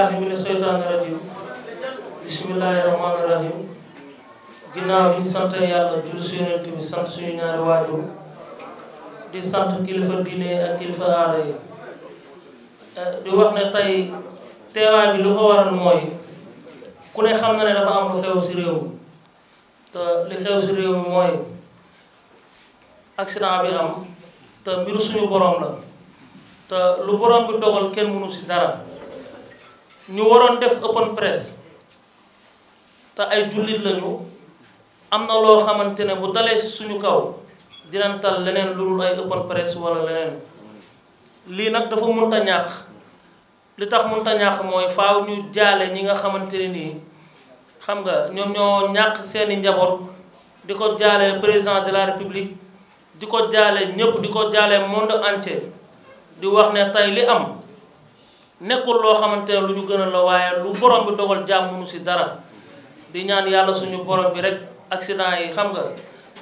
lahi mi ne seytaani rajim bismillahi rahmaani rahim yàlla julli si yonent bi sant suñu ñaari waajur di sant kilifa diine ak kilifa aada eh, di wax ne tey teewaay lu ko waral mooy ku ne xam na ne dafa am lu xew si réew te li si réew mi te mbiru suñu borom la te lu borom bi dogal kenn mënu si dara ñu waroon def open press te ay jullit lañu am na loo xamante ne bu dalee suñu kaw dinañ leneen lu dul ay open press wala leneen lii nag dafa munta ñàkk li tax munta ñàkk mooy faaw ñu jaale ñi nga xamante ne nii xam nga ñoom ñoo ñàkk seeni njaboot di ko jaale président de la république di ko jaale ñépp di ko jaale monde entier di wax ne tey li am nekkul loo xamante ne lu ñu gën a la waaye lu borom bi dogal jàmm munu si dara di ñaan yàlla suñu borom bi rek accident yi xam nga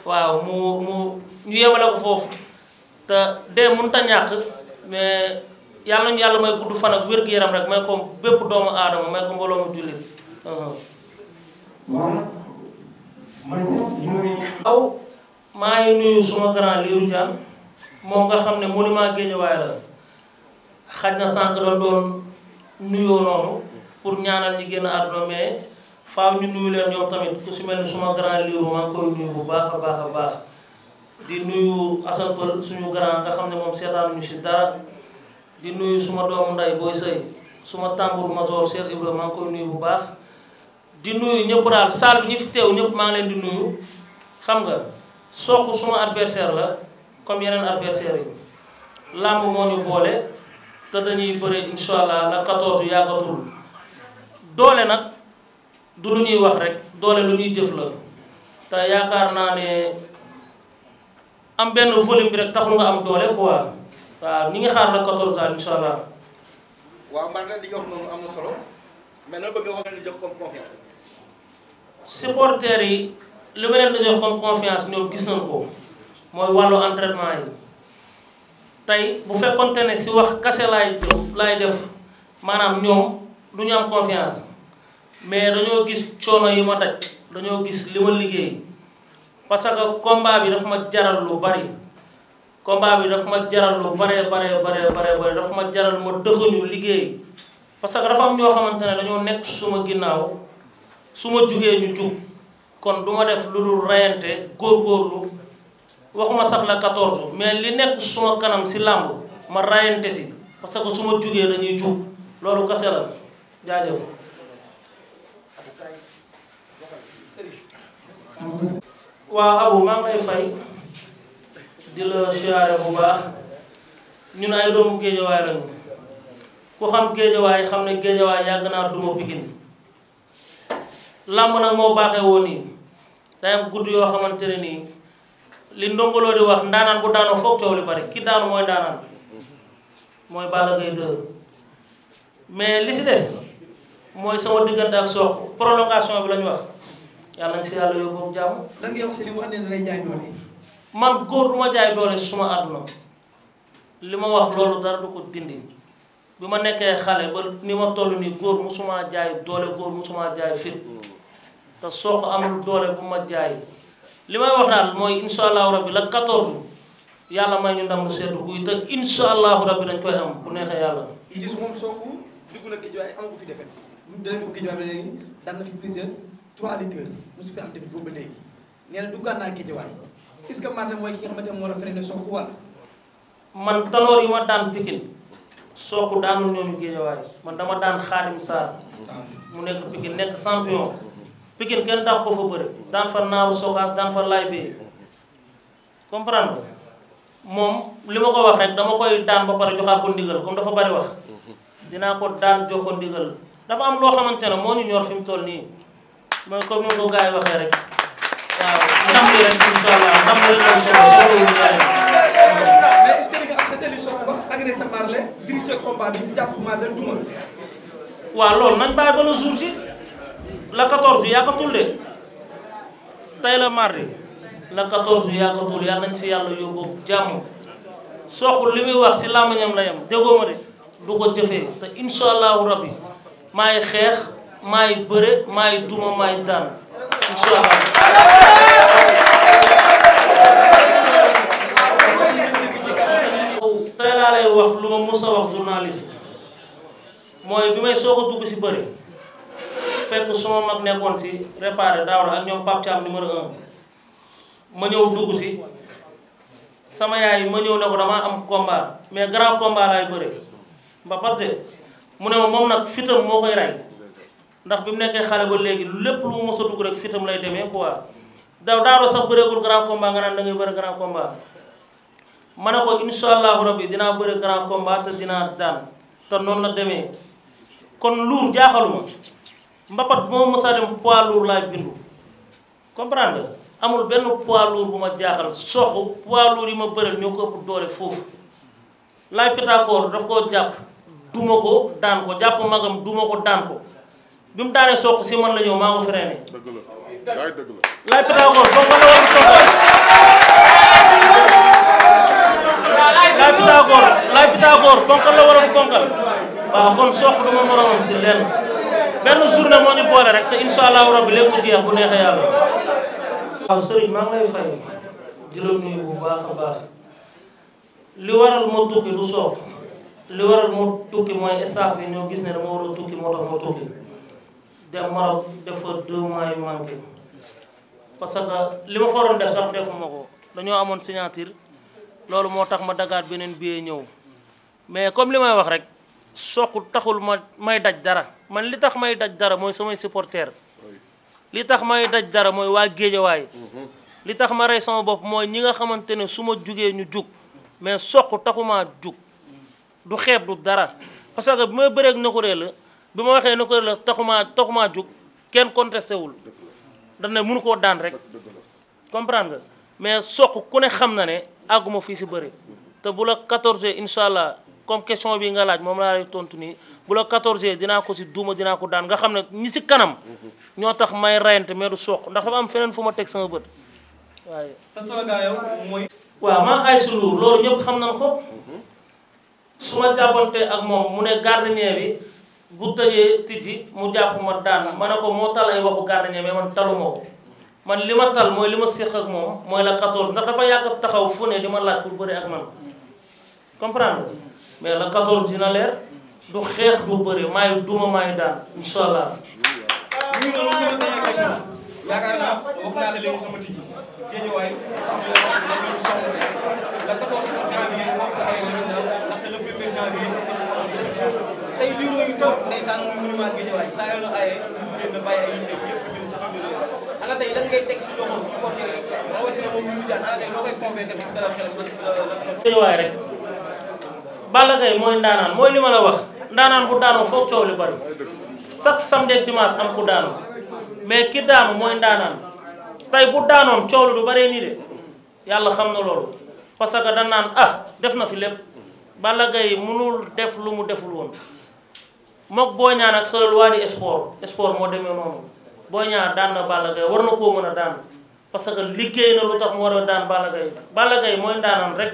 waaw mu mu ñu yebale ko foofu te dee mënut a ñàkk mais yàlla ñu yàlla may gudd fan ak wér gu yaram rek may ko bépp doomu aadama may ko mbooloo mu jullit. Uh-huh. aw maa ngi nuyu suma grand Lirou Diane moom nga xam ne monument Guédiawaye la. xaj na sànq la doon nuyoo noonu pour ñaanal ñi génn àdduna mais faaw ñu nuyu leen ñoom tamit ku si mel ni suma grand livre maa koy nuyu bu baax a baax a baax di nuyu Assane suñu grand nga xam ne moom seetaanuñu si dara di nuyu suma doomu nday booy sëy suma tambour major Cheikh Ibrahima maa ngi koy nuyu bu baax di nuyu ñëpp daal salle bi ñi teew ñëpp maa leen di nuyu xam nga soq suma adversaire la comme yeneen adversaire yi làmb moo ñu boole te dañuy bëre incha allah la 14 yàggatul doole nag du lu ñuy wax rek doole lu ñuy jëf la te yaakaar naa ne am benn volume bi rek taxul nga am doole quoi waaw ñi ngi xaar la 14 daal incha allah. waaw Mbadé li nga wax noonu am na solo mais noo bëgg a wax leen di jox comme confiance. supporters yi li ma leen di jox comme confiance ñoom gis nañ ko mooy wàllu entraînement yi. tey bu fekkonte ne si wax kase laay def maanaam ñoom du ñu am confiance mais dañoo gis coono yi ma daj dañoo gis li ma liggéey parce que combat bi dafa ma jaral lu bari combat bi daf ma jaral lu baree baree baree bari daf ma jaral ma dëxuñu liggéey parce que dafa am ñoo xamante ne dañoo nekk suma ginnaaw su ma jugee ñu jug kon du ma def lu dul rayante góorgóorlu waxuma sax la 14 mais li nekk suma kanam si làmb ma rayante si parce que suma jugee dañuy jug loolu kese la jaajëf. waaw Abu maa ngi fay di la siyaare bu baax ñun ay doomu géejawaay lañu ku xam géejawaay xam ne géejawaay yàgg naa duma Pikine làmb nag moo baaxee woon nii day gudd yoo xamante nii. li Ndongo Lo wax ndaanaan bu daanoo foog coow li bari ki daanu mooy ndaanaan mooy Balla Gaye 2 mais li si des mooy sama diggante ak soox prolongation bi la wax yàlla nañ si yàlla yóbbu ak jàmm. si li góor du ma jaay suma àdduna li ma wax loolu dara du ko dindi bi ma nekkee xale ba ni ma toll nii góor suma jaay doole góor suma jaay fit te soox amul doole bu ma jaay. li may wax daal mooy insha allahu bi la 14 yàlla may ñu ndam lu seddu guy te insha allahu rabbi dañ koy am bu neexee yàlla. gis moom sooku dugg am ko fi defet bu dee ko géej waaye léegi daan na fi plusieurs trois litres mosu fi que maanaam mooy ki nga xamante ne moo a freiné sooku wala. man taloor yi ma daan pikin sooku daanul ñooñu géej man dama daan xaadim saar mu nekk pikin nekk champion. Pikine kenn daaw ko fa bëre daan fa naaw sokaas daan fa laay bee comprendre moom li ma ko wax rek dama koy daan ba pare joxaat ko ndigal comme dafa bari wax dinaa ko daan jox ko ndigal dafa am loo xamante ne moo ñu ñor nii mooy comme ni ko gars yi loolu nañ bàyyi ba le jour la 14 yàggatul de tey la mardi la 14 yàggatul yàlla nañ si yàlla yóbbu jàmm soxul li muy wax si làmmiñam la yam déggoo ma de du ko jëfee te incha allahu rabbi maay xeex maay bëre maay duma maay daan incha allah. tey wax lu ma mës a wax journaliste mooy bi may soog a dugg si bëri. fekk suma mag nekkoon si réparé daaw ak ñoom Pape Thiam numéro un ma ñëw dugg si sama yaay ma ñëw ne ko damaa am combat mais grand combat laay bëre mba parte mu ne ma moom nag fitam moo koy rey ndax bi mu nekkee xale ba léegi lépp lu mu mos dugg rek fitam lay demee quoi daaw daaw sax bëreegul grand combat nga naan da bëre grand combat ma ne ko incha allahu rabbi dinaa bëre grand combat te dinaa daan te noonu la demee kon luur jaaxaluma mbapat bu ma mësaa dem poids lourd laay bindu comprendre amul benn poids bu ma jaaxal soxu poids lourd yi ma bëral ñoo ko ëpp doole foofu laay Pythagore daf koo jàpp duma ko daan ko jàpp magam duma ko daan ko bi mu daanee soq si man la ñëw maa ko freiné laay laay Pythagore laay Pythagore fonkal la waroon fonkal waaw kon soq du ma si lenn benn journée moo ñu boole rek te incha allahu rabbi léegi mu jeex bu neexee yàlla. waaw sëriñ maa ngi fay di la nuyu bu baax a baax li waral ma tukki du soob li waral ma tukki mooy staff yi ñoo gis ne dama war a tukki moo tax ma tukki dem Maroc def fa deux mois yu parce que li ma fa waroon def sax defuma ko dañoo amoon signature loolu moo tax ma dagaat beneen billet ñëw mais comme li may wax rek soq taxul ma may daj dara. man li tax may daj dara mooy samay supporter li tax may daj dara mooy waa géejawaay li tax ma rey sama bopp mooy ñi nga xamante ne su ma jugee ñu jug mais soq taxumaa jug du xeeb du dara parce que bi may bëreeg Nokoré la bi ma waxee Nokoré la taxumaa taxumaa jug kenn contesté wul dañ ne mënu koo daan rek comprendre nga mais soq ku ne xam na ne àgguma fii si bëri te bu la 14 incha allah comme question bi nga laaj moom laa lay tontu nii. bu la 14 dinaa ko si duuma dinaa ko daan nga xam ne ñi si kanam. ñoo tax may rayante mais du soq ndax dafa am feneen fu ma teg sama bët waaye. sa slogan yow mooy. waaw maa ay loolu ñëpp xam nañ ko. su ma jàppante ak moom mu ne gardien bi bu tëjee tijji mu jàpp ma daan ma ne ko moo tal ay waxu gardien mais man talu ma ko man li ma tal mooy li ma séq ak moom mooy la 14 ndax dafa yàgg taxaw fu ne li ma laaj pour bëri ak man comprendre mais la 14 dina leer. du xeex du bëri maay duma maay daan incha allah. ñu ngi doon ñu question yaakaar naa wax naa la teg si loxo supporter yi rawatina moom ñu jaan ana tey loo koy convaincre bu mooy ndaanaan mooy wax ndaanaan bu daanoo foo coow li bari chaque samedi ak dimanche am ku daanu mais ki daanu mooy ndaanaan tey bu daanoon coow lu du nii de yàlla xam na loolu parce que da naan ah def na fi lépp Balla Gaye mënul def lu mu deful woon mook Boy Niang ak solol waa di sport sport moo demee noonu Boy Niang daan na war na koo mën a daan parce que liggéey na lu tax mu war a daan Balla Gaye Balla Gaye mooy ndaanaan rek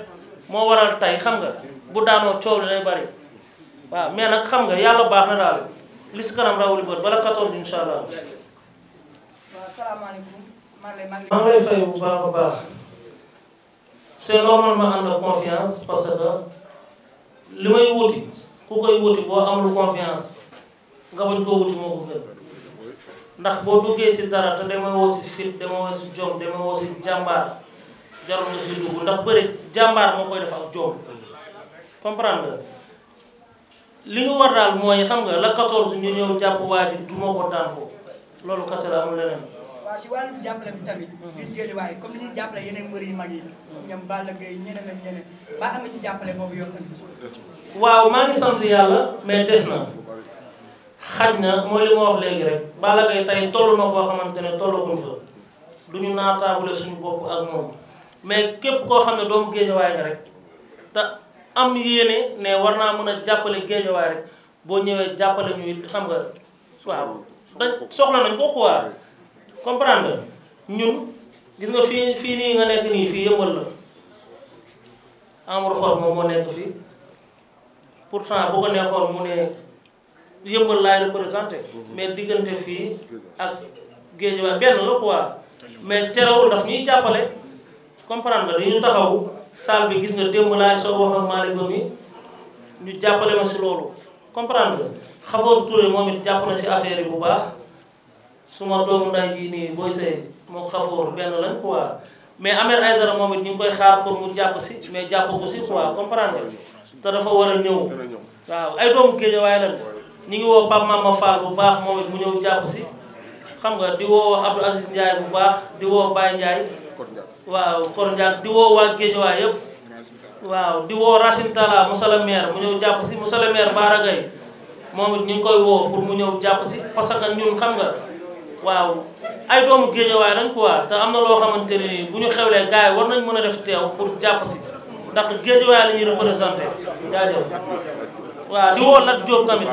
moo waral tey xam nga bu daanoo coow li lay bari waaw mais nag xam nga yàlla baax na daal li si kanam rawuli bët bala 14 incha allah. waaw salaamaaleykum. maa ngi bu baax a baax. c'est normalement ànd ak confiance parce que li may wuti ku koy wuti boo amul confiance nga bañ koo wuti moo ko gën ndax boo duggee si dara te dama woo si fit dama woo si jom dama woo si jàmbaar jarul si dugg ndax bëri jàmbaar moo koy def ak jom comprendre nga. li ñu war daal mooy xam nga la 14 ñu ñëw jàpp waa ji du ma ko daan ko loolu kese la amul leneen. si wàllum jàppale bi tamit. biir ni ñuy jàppale yeneen mbër yu mag yi. ñoom Balla Gaye ñeneen ba am ci jàppale boobu yoon waaw maa ngi sant yàlla mais des na xaj na mooy li ma wax léegi rek Balla Gaye tey toll na foo xamante ne tollaguñ fa du ñu naataabule suñu bopp ak moom mais képp koo xam ne doomu géej waaye nga rek am yéene ne war naa mën a jàppale géejawaay rek boo ñëwee jàppale ñuy xam nga waaw dañ soxla nañ ko quoi comprendre ñun gis nga fii fii nii nga nekk nii fii yëmbal la amul xor moom moo nekk fii pourtant bu ko mu ne yëmbal laay représenté mais diggante fii ak géejawaay benn la quoi mais terewul daf ñuy jàppale comprendre nga dañu taxaw salle bi gis nga démb laay soo wax ak Malick Ngom yi ñu jàppale ma si loolu comprendre nga Xafoor Touré moom it jàpp na si affaire yi bu baax suma doomu nday jii nii booy say moo Xafoor benn lañ quoi mais Ahmed Aïdara moom it ñu ngi koy xaar pour mu jàpp si mais jàpp ko si quoi comprendre nga te dafa war a ñëw waaw ay doomu Géejawaay lañ ñu ngi woo Pape Mama Fall bu baax moom it mu ñëw jàpp si xam nga di woo Abdou Aziz Ndiaye bu baax di woo Baye Ndiaye waaw Kor Ndiak di woo waa Géejawaay yëpp waaw di woo Racine Talla monsieur le mu ñëw jàpp si monsieur le maire Bara Gaye moom it ñu ngi koy woo pour mu ñëw jàpp si parce que ñun xam nga waaw ay doomu Géejawaay lañ quoi te am na loo xamante ne nii bu ñu xewlee gars yi war nañ mën a def teew pour jàpp si ndax Géejawaay la ñuy représenté jaajëf waaw di woo Lat Diop tamit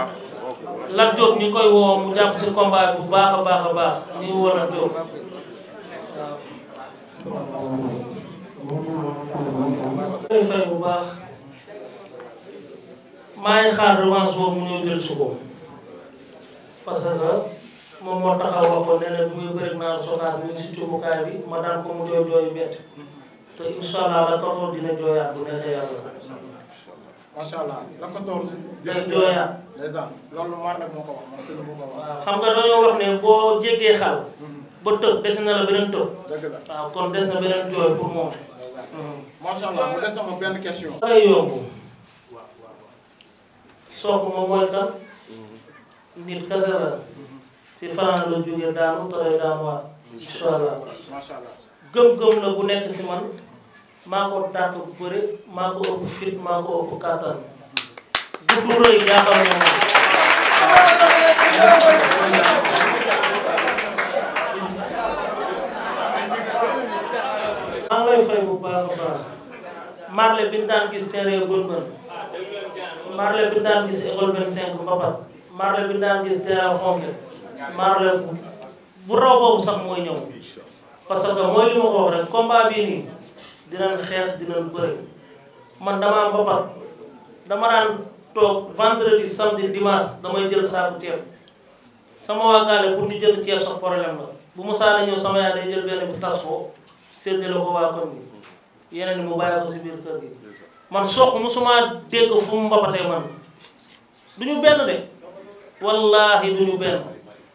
Lat Diop ñu ngi koy woo mu jàpp si combat bu baax a baax a baax ñu ngi woo Lat waaw. leen fay bu baax maa ngi xaar revanche boobu mu ñëw jël si ko parce que moom moo taxaw wax ko ne leen bu ñu bëri naan soxnaas mi ngi si cubukaay bi ma daan ko mu jooy jooy métti te xam nga dañoo wax ne boo jéggee xal ba tëb des na la beneen tëb. waaw kon des na beneen jooy pour moom. macha allah mu des sama kan nit kese la ci fanaan la jógee daanu tooy daanuwaat incha gëm-gëm la bu nekk si man maa ko tàkk bu bëri maa ko ëpp fit maa ko ëpp kàttan du rëy jaaxal na moom. marle bi ñu daan gis terrain bën bën marle bi ñu daan gis école 25 mbapat marle bi ñu daan gis terrain xonke marle bu raw boobu sax mooy ñëw parce que mooy li ma ko wax rek combat bii nii dinañ xeex dinañ bëri man damaa mbapat dama daan toog vendredi samedi dimanche damay jël saaku teeb sama waa gaale pour ñu jël ceeb sax problème la bu mu ñëw sama yaay day jël benn bu tas ko séddale ko waa kon bi yeneen ni mu bàyyi ko si biir kër gi man sox musuma dégg fu mu man du ñu benn de wallahi du ñu benn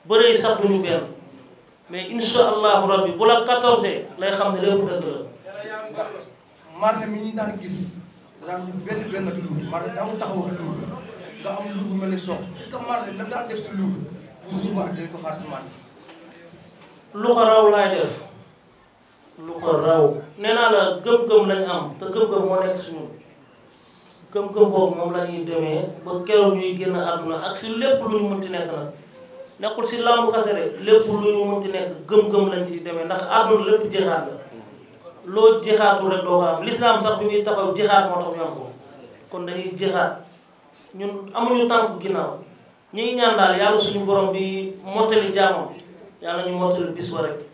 bërëy sax du ñu benn mais insha allahu rabbi bu la quatorze lay xam ne lépp dëgg la ñu daan gis da am taxaw tudd nga am lu mel ni sox est-ce que marne la lu bu suba def lu ko gëm-gëm lañ am te gëm-gëm moo nekk suñu gëm-gëm boobu moom la ñuy demee ba keroog ñuy génn àdduna ak si lépp lu ñu mënti nekk nag nekkul si làmb kase rek lépp lu ñu mënti nekk gëm-gëm lañ demee ndax àdduna lépp jixaat la loo jixaatul rek doo ko am lislaam sax bi muy taxaw jixaat moo tax ñu kon dañuy jixaat ñun amuñu tànk ginnaaw ñu ngi ñaan daal yàlla suñu borom bi mottali jaamam yàlla ñu mottali bis wa rek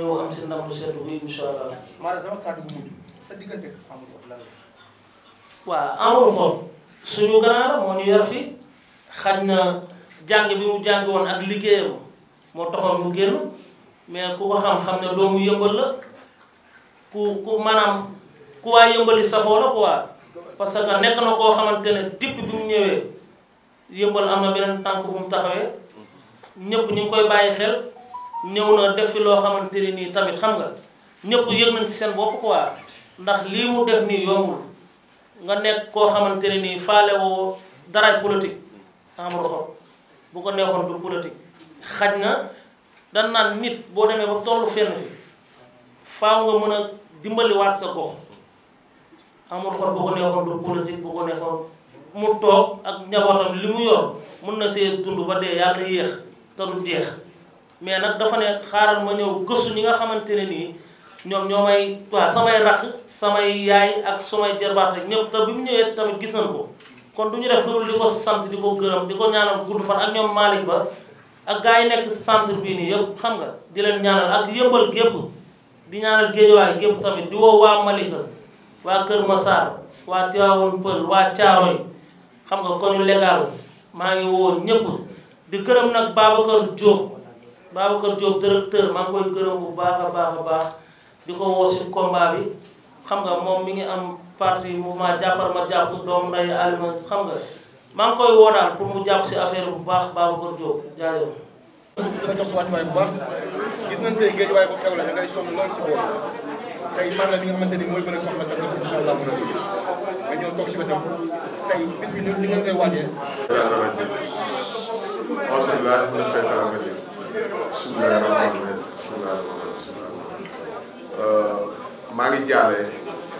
yow am si ndam bu seetlu bi sa diggante amul wax lan la. waaw amul xool suñu ganaar moo ñu yar fi xaj na jàng bi mu jàng woon ak liggéeyam moo taxoon mu génn mais ku ko xam-xam ne mu yëmbal la ku ku maanaam ku waa yëmbali safoo la quoi parce que nekk na koo xamante dipp bi mu ñëwee yëmbal am na beneen tànk bu mu taxawee ñëpp ñu ngi koy bàyyi xel. ñëw na def fi loo xamante ne nii tamit xam nga ñëpp yëg nañ ci seen bopp quoi ndax lii mu def nii yombul nga nekk koo xamante ne nii faale woo daraay politique Amadou Xom bu ko neexoon du politique. xaj na dan naan nit boo demee ba tollu fenn fi faaw nga sa gox Amadou Xom bu ko neexoon du mu toog ak njabootam li mu yor mun na see dund ba dee yàlla yéex te du jeex. mais nag dafa ne xaaral ma ñëw gëstu ñi nga xamante ne nii ñoom ñoo may waaw samay rakk samay yaay ak samay jarbaat ak ñëpp te bi mu ñëwee tamit gis nañ ko kon du ñu def loolu di ko sant di ko gërëm di ko ñaanal gudd fan ak ñoom Malick Ba ak gars yi nekk centre bii nii yëpp xam nga di leen ñaanal ak yëmbal gépp di ñaanal géejuwaay gépp tamit di woo waa kër waa Kër Massar waa Tivaouane Peul waa Thiaroy xam nga ko koñu légal maa ngi woo ñëpp di gërëm Babacar Diop directeur maa ngi koy gërëm bu baax a baax a baax di ko woo si combat bi xam nga moom mi ngi am parti mouvement jàppal ma jàpp doom nday alima xam nga maa ngi koy woo daal pour mu jàpp si affaire bu baax Babacar Diop jaajëf. dafa jox si wàccuwaay bu baax gis nañ tey géej waaye bu bismillaahi rahmaani maa ngi jaale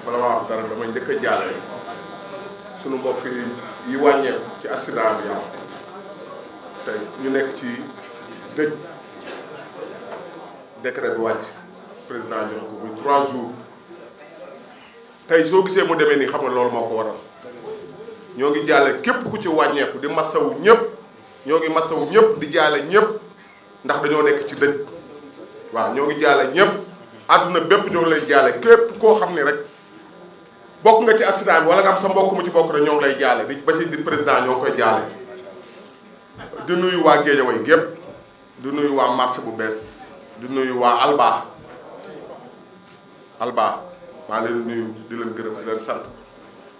bala wax dara dama njëkk a jaale sunu mbokk yi yi wàññeeku ci accident bi am ñu nekk ci dëj décret wàcc président jox ko trois jours tey soo gisee mu demee nii xam nga loolu moo ko waral ñoo ngi jaale képp ku ci wàññeeku di masawu ñëpp ñoo ngi masawu ñëpp di jaale ñëpp ndax dañoo nekk ci dëj waaw ñoo ngi jaale ñépp àdduna bépp ñoo lay jaale képp koo xam ne rek bokk nga ci accident bi wala nga am sa mbokk mu ci bokk rek ñoo ngi lay jaale di ba ci di président ñoo ngi koy jaale di nuyu waa Géejawaay gépp di nuyu waa marché bu bees di nuyu waa Alba Alba maa leen nuyu di leen gërëm di leen sant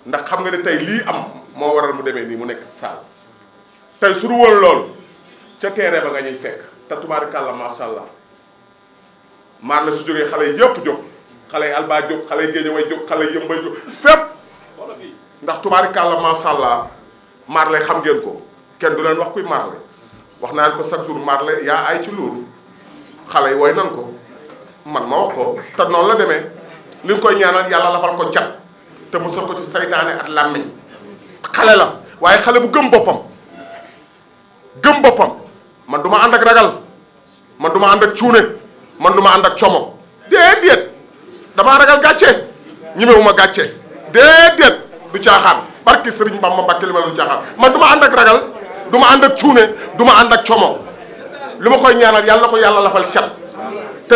ndax xam nga ne tey lii am moo waral mu demee nii mu nekk ci saal tey su dul woon loolu ca terrain ba nga ñuy fekk te tubaarikàlla macha allah maar la su jógee xale yëpp jóg xale yi Alba jóg xale yi Géejawaay jóg xale yi Yëmbay jóg fépp. ndax tubaarikàlla macha allah maar lay xam ngeen ko kenn du leen wax kuy maar wax naa ko chaque jour maar lay yaa ay ci luur xale yi woy nan ko man ma wax ko te noonu la demee li nga koy ñaanal yàlla lafal ko cat te musal ko ci saytaane at làmmiñ xale la waaye xale bu gëm boppam gëm boppam man du ànd ak ragal du ma ànd ak cuune man du ma ànd ak como déedéet damaa ragal gàcce ñemewuma gàcce déedéet du caaxaan barki sëriñ Bamba Mbàkke li ma la du caaxaan man du ma ànd ak ragal du ma ànd ak cuune du ma ànd ak como li ma koy ñaanal yàlla ko yàlla lafal cat te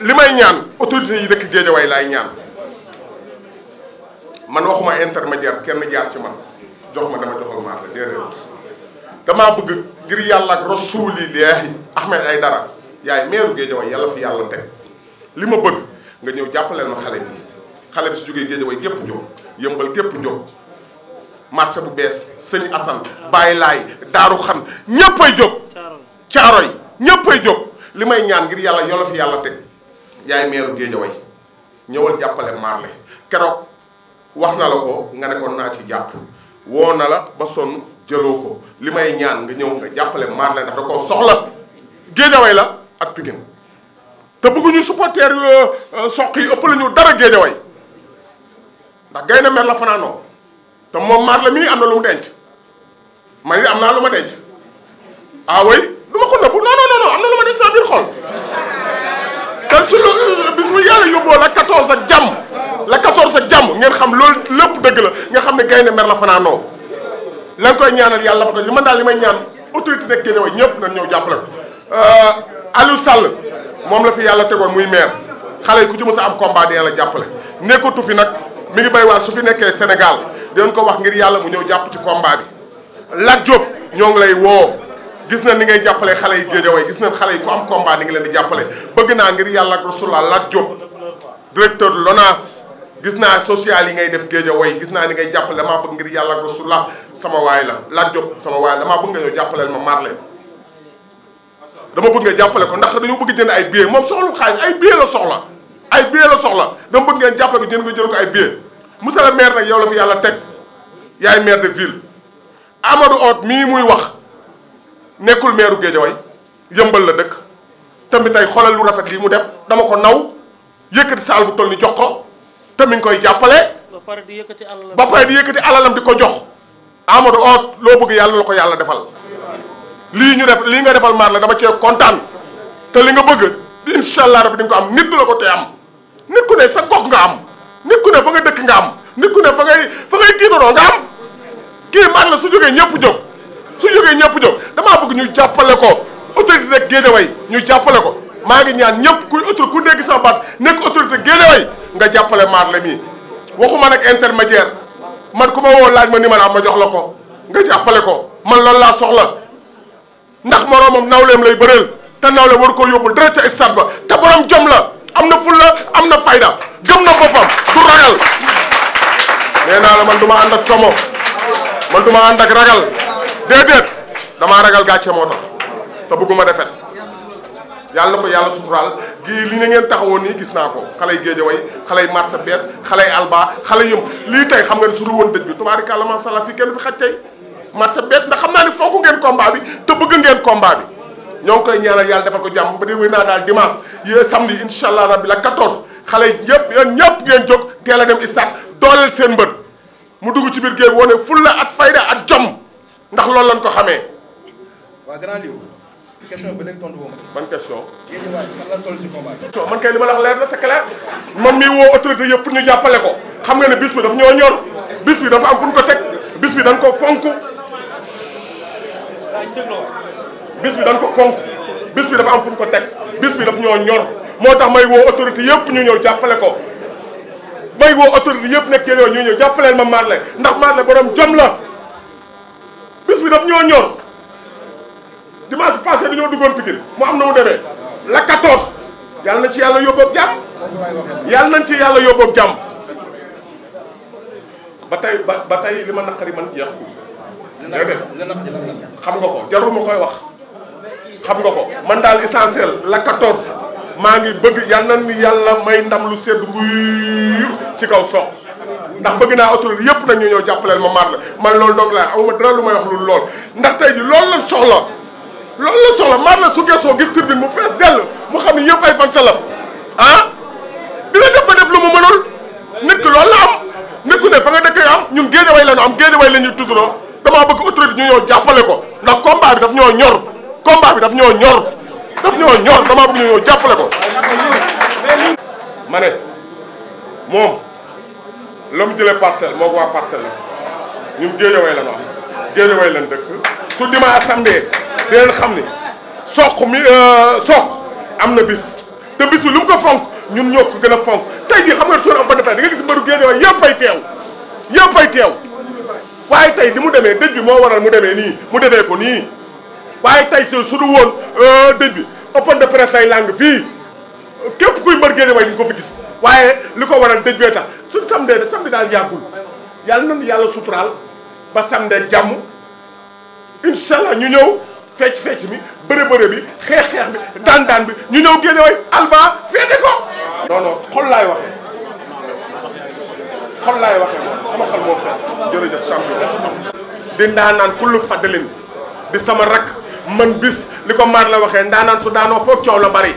li may ñaan autorités yi dëkk Géejawaay laay ñaan man waxuma intermédiaire kenn jaar ci man jox ma dama joxal maar la déedéet damaa bëgg ngir yàlla ak rasuulillaahi Ahmed dara yaay meeru Géejawaay yàlla fi yàlla teg li ma bëgg nga ñëw jàppaleel ma xale bi xale bi su jógee Géejawaay gépp jóg yëmbal gépp jóg marché bu bees sëñ Assane bàyyi laay daaru xan ñëppay jóg caaroy ñëppay jóg li may ñaan ngir yàlla yàlla fi yàlla teg yaay meeru Géejawaay ñëwal jàppale Marley keroog wax na la ko nga ne ko naa ci jàpp woo na la ba sonn jëloo ko li may ñaan nga ñëw nga jàppale Marley ndax da koo soxla Géejawaay la ak Pikine te bëgguñu supporter euh, euh, soq yi ëpp lañu dara géejawaay ndax gaynde mer la fanaanoo te moom maar la mii am na lu mu denc man it am naa lu ma denc ah oui du ma ko nëbbu non non non am na lu ma denc sa biir xol te su lu bis mu yàlla yóbboo la 14 ak jàmm la 14 ak jàmm ngeen xam loolu lépp dëgg la nga xam ne gaynde mer la fanaanoo la nga koy ñaanal yàlla fa ko li man daal li may ñaan autorité nekk géejawaay ñëpp nañ ñëw jàppale ko Aliou Sall moom la fi yàlla tegoon muy meer xale yi ku ci mës a am combat di yàlla jàppale nekkatu fi nag mi ngi bay waar su fi nekkee Sénégal dinañ ko wax ngir yàlla mu ñëw jàpp ci combat bi Lat Diop ñoo ngi lay woo gis na ni ngay jàppale xale yi Guédiawaye gis nañ xale yi ku am combat ni leen di jàppale bëgg naa ngir yàlla ak Rasulullah Lat Diop directeur LONASE gis naa social yi ngay def Guédiawaye gis naa ni ngay jàppale damaa bëgg ngir yàlla ak Rasulullah sama waay la Lat Diop sama waay la damaa bëgg nga ñëw jàppaleel ma Marley dama bëgg nga jàppale ko ndax dañoo bëgg jënd ay bii moom soxlu xaalis ay billets la soxla ay billets la soxla dama bëgg ngeen jàppale ko jënd nga jël ko ay billets monsieur le maire nag yow la fi yàlla teg yaay maire de ville Amadou Hott mii muy wax nekkul maire u Géejawaay yëmbal la dëkk tamit tey xoolal lu rafet lii mu def dama ko naw yëkkati saal bu toll ni jox ko te mi koy jàppale. ba pare di yëkkati alalam ba pare di yëkkati alalam di ko jox Amadou Hott loo bëgg yàlla la ko yàlla defal. lii ñu def lii nga defal maar la dama cee kontaan te li nga bëgg incha allah rabbi di nga ko am nit du la ko tee am nit ku ne sa gox nga am nit ku ne fa nga dëkk nga am nit ku ne fa ngay fa ngay tiitaroo nga am kii maar la su jógee ñëpp jóg su jógee ñëpp jóg damaa bëgg ñu jàppale ko autorité rek Guédiawaye ñu jàppale ko maa ngi ñaan ñëpp ku autorité ku dégg sama baat nekk autorité Guédiawaye nga jàppale maar la mii waxuma nekk intermédiaire man ku ma woo laaj ma numéro am ma jox la ko nga jàppale ko man loolu laa soxla ndax moroomam nawleem lay bëreel te nawle war koo yóbbul dara ca stade ba te borom jom la am na fulla am na fayda gëm na boppam du ragal nee naa la man du ma ànd ak como man du ma ànd ak ragal déedéet damaa ragal gàcce moo tax te bëgguma defet yàlla ko yàlla suturaal gii li na ngeen taxawoon nii gis naa ko xale yu Géejawaay xale yu marché bees xale yu alba xale yëm lii tey xam nga ne su dul woon dëj bi tubaarikàlla macha allah fii kenn fi xaj marché bees ndax xam naa ne fonk ngeen combat bi te bëgg ngeen combat bi ñoo ngi koy ñaanal yàlla defal ko jàmm ba déwéy naa daal dimanche yé samedi incha allah rabbi la 14 xale yëpp yéen ñëpp ngeen seen mbër mu dugg ci biir géej wone fulla at fayda at jom ndax loolu lañ ko xamee. waaw grand Liou question ba léegi tontu woo ma. leer na c'est clair yëpp ñu jàppale ko xam nga ne bis bi daf ñoo ñor bis bi dafa am fu ko teg bis bi dañ ko fonk. bis bi dañ ko fonk bis bi dafa am fu ñu ko teg bis bi daf ñoo ñor moo tax may woo autorité yëpp ñu ñëw jàppale ko may woo autorité yëpp nekk yow ñu ñëw jàppaleel ma Marley ndax Marley borom jom la bis bi daf ñoo ñor dimanche passé dañoo duggoon Pikine mu am na mu demee la 14 yàlla na ci yàlla yóbboog jàmm yàlla nañ ci yàlla yóbboog jàmm ba tey ba ba tey li ma naqari man jeexul déedéet xam nga ko jarul ma koy wax xam nga ko man daal essentiel la 14 maa ngi bëgg yàlla na ni yàlla may ndam lu sedd guy ci kaw Sokh ndax bëgg naa autorité yëpp nag ñu ñëw jàppaleel ma maar la man loolu donc laa awma dara lu may wax lu lool ndax tey ji loolu la loolu la soxla maar la su geesoo gis tribune mu mu xam ne yëpp ay fan salam ah dina def ba def lu mu mënul nit ki loolu la am nit ku ne fa nga dëkk am ñun géejawaay la ñu am géejawaay la ñuy tudduroo damaa bëgg autorité ñu ñoo jàppale ko ndax combat bi daf ñoo ñor combat bi daf ñoo ñor daf ñoo ñor damaa bëgg ñu ñoo jàppale ko. ma ne moom la mu jëlee parcelle moo ko waa parcelle la ñun Guédiawaye la ñu am Guédiawaye lañ dëkk su dimanche samedi di leen xam ni soq mi euh, soq am na bis te bis bi lu mu ko fonk ñun ñoo ko gën a fonk tey jii xam nga suñu am ba defee da nga gis mbaru Guédiawaye yëpp ay teew yëpp ay teew. waaye tey ni mu demee dëj bi moo waral mu demee nii mu demee ko nii waaye tey su suñu woon euh, dëj bi open de presse lay lang fii képp kuy mbër génne way ñu ko fi gis waaye li ko waral dëj bee tax suñ samedi samedi daal yàggul yàlla nañu yàlla suturaal ba samedi jàmm incha allah ñu ñëw fecc fecc mi bëre bëre bi xeex xeex bi daan daan bi ñu ñëw génne way alba ko non non laay waxee xol laay waxee sama xol moo fees jërëjëf champion di ndaanaan sama rakk man bis li ko maar la waxee ndaanaan su daanoo foog coow la bari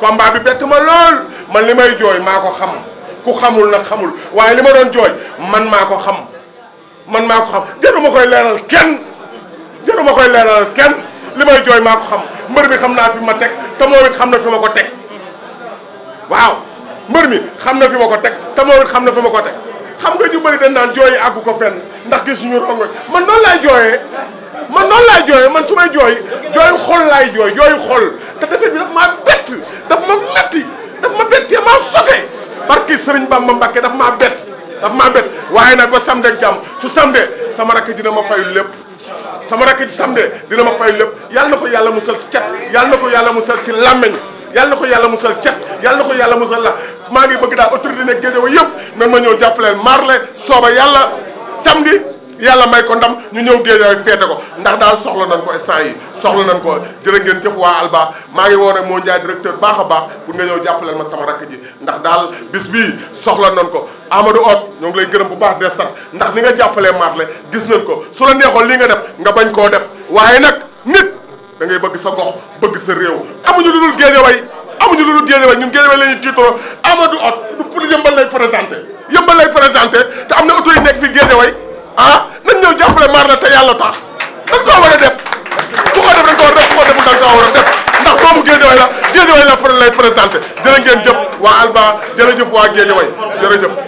combat bi bett ma lool man li may jooy maa ko xam ku xamul na xamul waaye li ma doon jooy man maa ko xam man maa ko xam jaruma koy leeral kenn jaruma koy leeral kenn li may jooy maa ko xam mbër mi xam naa fi ma teg te moom xam na fi ma ko teg waaw mbër mi xam na fi ma ko teg te moom xam na fi ma ko teg xam nga ñu bëri dañ naan jooy àggu ko fenn ndax gisuñu rongoñ man noonu laay jooyee man noonu laay jooyee man su may jooy jooyu xol laay jooy jooyu xol te defet bi daf maa bett daf ma metti daf ma bett te maa sote barki sëriñ Bamba ma daf maa bett daf maa bett waaye nag ba samedi ak jàmm su samedi sama rakk dina ma fayu lépp sama rakk samedi dina ma fayu lépp yàlla na ko yàlla musal ci cat yàlla na ko yàlla musal ci làmmeñ yàlla na ko yàlla musal cet yàlla na ko yàlla musal la maa ngi bëgg daal autorité nekk Guédiawaye yëpp nan ma ñëw jàppaleel Marley sooba yàlla samedi yàlla may ko ndam ñu ñëw Guédiawaye feete ko ndax daal soxla nañ ko instant yi soxla nañ ko jërë ngeen jëf waa Alba maa ngi woo rek moo njaay directeur baax a baax pour nga ñëw jàppaleel ma sama rakk ji ndax daal bis bii soxla nañ ko Amadou Hott ñoo ngi lay gërëm bu baax de sant ndax ni nga jàppalee Marley gis nañ ko su la neexoon li nga def nga bañ koo def dangay ngay bëgg sa gox bëgg sa réew amuñu lu dul Guédiawaye amuñu lu dul Guédiawaye ñun Guédiawaye la ñuy tiitaroo Amadou Hott pour yëmbal lay présenté yëmbal lay présenté te am na oto yi nekk fii Guédiawaye ah nañ jàpp jàppale maar na te yàlla tax dañ koo war a def bu ko def dañ ko war a def bu ko deful dañ koo war a def ndax doomu Guédiawaye la Guédiawaye la lay présenté jërë jëf waa Alba jërëjëf waa Guédiawaye jërëjëf